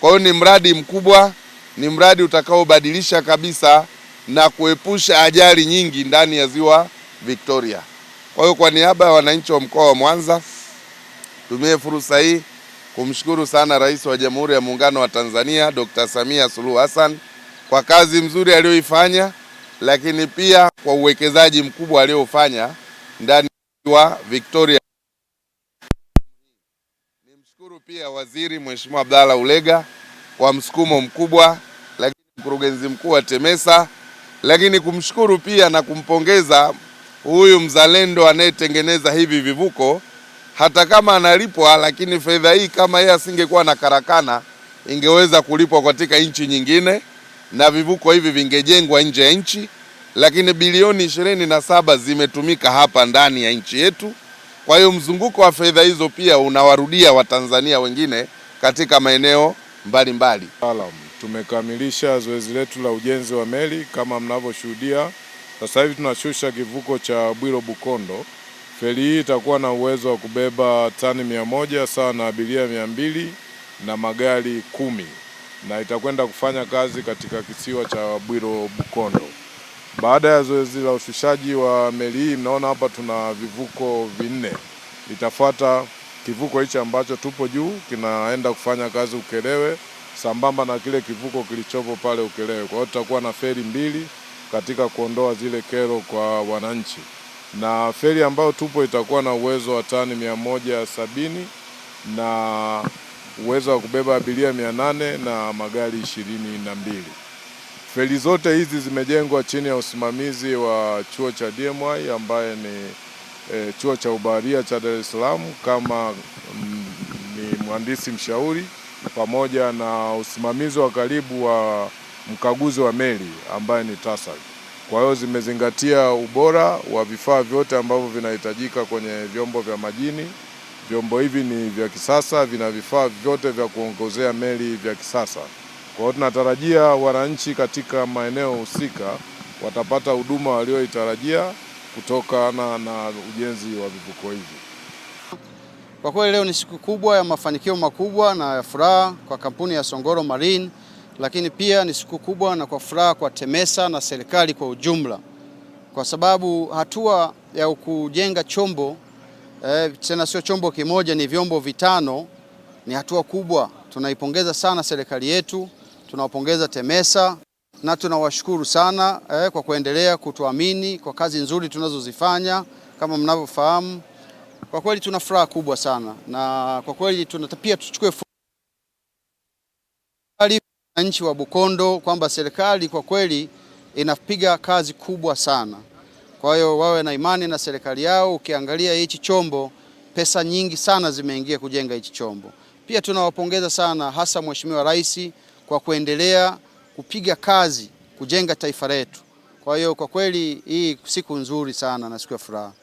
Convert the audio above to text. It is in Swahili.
Kwa hiyo ni mradi mkubwa, ni mradi utakaobadilisha kabisa na kuepusha ajali nyingi ndani ya ziwa Victoria. Kwa hiyo kwa niaba ya wananchi wa mkoa wa Mwanza, tumie fursa hii kumshukuru sana Rais wa Jamhuri ya Muungano wa Tanzania Dr. Samia Suluhu Hassan kwa kazi mzuri aliyoifanya, lakini pia kwa uwekezaji mkubwa aliyofanya ndani ya ziwa Victoria. Nimshukuru pia waziri Mheshimiwa Abdalla Ulega kwa msukumo mkubwa, lakini mkurugenzi mkuu wa TEMESA, lakini kumshukuru pia na kumpongeza huyu mzalendo anayetengeneza hivi vivuko. Hata kama analipwa, lakini fedha hii kama yeye asingekuwa na karakana ingeweza kulipwa katika nchi nyingine na vivuko hivi vingejengwa nje ya nchi, lakini bilioni ishirini na saba zimetumika hapa ndani ya nchi yetu. Kwa hiyo mzunguko wa fedha hizo pia unawarudia Watanzania wengine katika maeneo mbalimbali. Tumekamilisha zoezi letu la ujenzi wa meli kama mnavyoshuhudia. Sasa hivi tunashusha kivuko cha Bwiro Bukondo. Feri hii itakuwa na uwezo wa kubeba tani mia moja sawa na abiria mia mbili na magari kumi na itakwenda kufanya kazi katika kisiwa cha Bwiro Bukondo. Baada ya zoezi la ushushaji wa meli hii, mnaona hapa tuna vivuko vinne. Itafuata kivuko hichi ambacho tupo juu, kinaenda kufanya kazi Ukelewe, sambamba na kile kivuko kilichopo pale Ukelewe. Kwa hiyo tutakuwa na feri mbili katika kuondoa zile kero kwa wananchi, na feri ambayo tupo itakuwa na uwezo wa tani mia moja sabini na uwezo wa kubeba abiria mia nane na magari ishirini na mbili. Feri zote hizi zimejengwa chini ya usimamizi wa chuo cha dmy ambaye ni e, chuo cha ubaharia cha Dar es Salaam kama m, mm, ni mhandisi mshauri pamoja na usimamizi wa karibu wa mkaguzi wa meli ambaye ni TASAC. Kwa hiyo zimezingatia ubora wa vifaa vyote ambavyo vinahitajika kwenye vyombo vya majini. Vyombo hivi ni vya kisasa, vina vifaa vyote vya kuongozea meli vya kisasa. Kwa hiyo tunatarajia wananchi katika maeneo husika watapata huduma walioitarajia kutokana na ujenzi wa vivuko hivi. Kwa kweli leo ni siku kubwa ya mafanikio makubwa na ya furaha kwa kampuni ya Songoro Marine, lakini pia ni siku kubwa na kwa furaha kwa TEMESA na serikali kwa ujumla, kwa sababu hatua ya kujenga chombo eh, tena sio chombo kimoja, ni vyombo vitano, ni hatua kubwa. Tunaipongeza sana serikali yetu tunawapongeza TEMESA na tunawashukuru sana eh, kwa kuendelea kutuamini kwa kazi nzuri tunazozifanya. Kama mnavyofahamu, kwa kweli tuna furaha kubwa sana, na kwa kweli pia tuchukue wananchi wa Bukondo kwamba serikali kwa kweli inapiga kazi kubwa sana. Kwa hiyo wawe na imani na serikali yao. Ukiangalia hichi chombo, pesa nyingi sana zimeingia kujenga hichi chombo. Pia tunawapongeza sana hasa Mheshimiwa Rais kwa kuendelea kupiga kazi kujenga taifa letu. Kwa hiyo kwa kweli hii siku nzuri sana na siku ya furaha.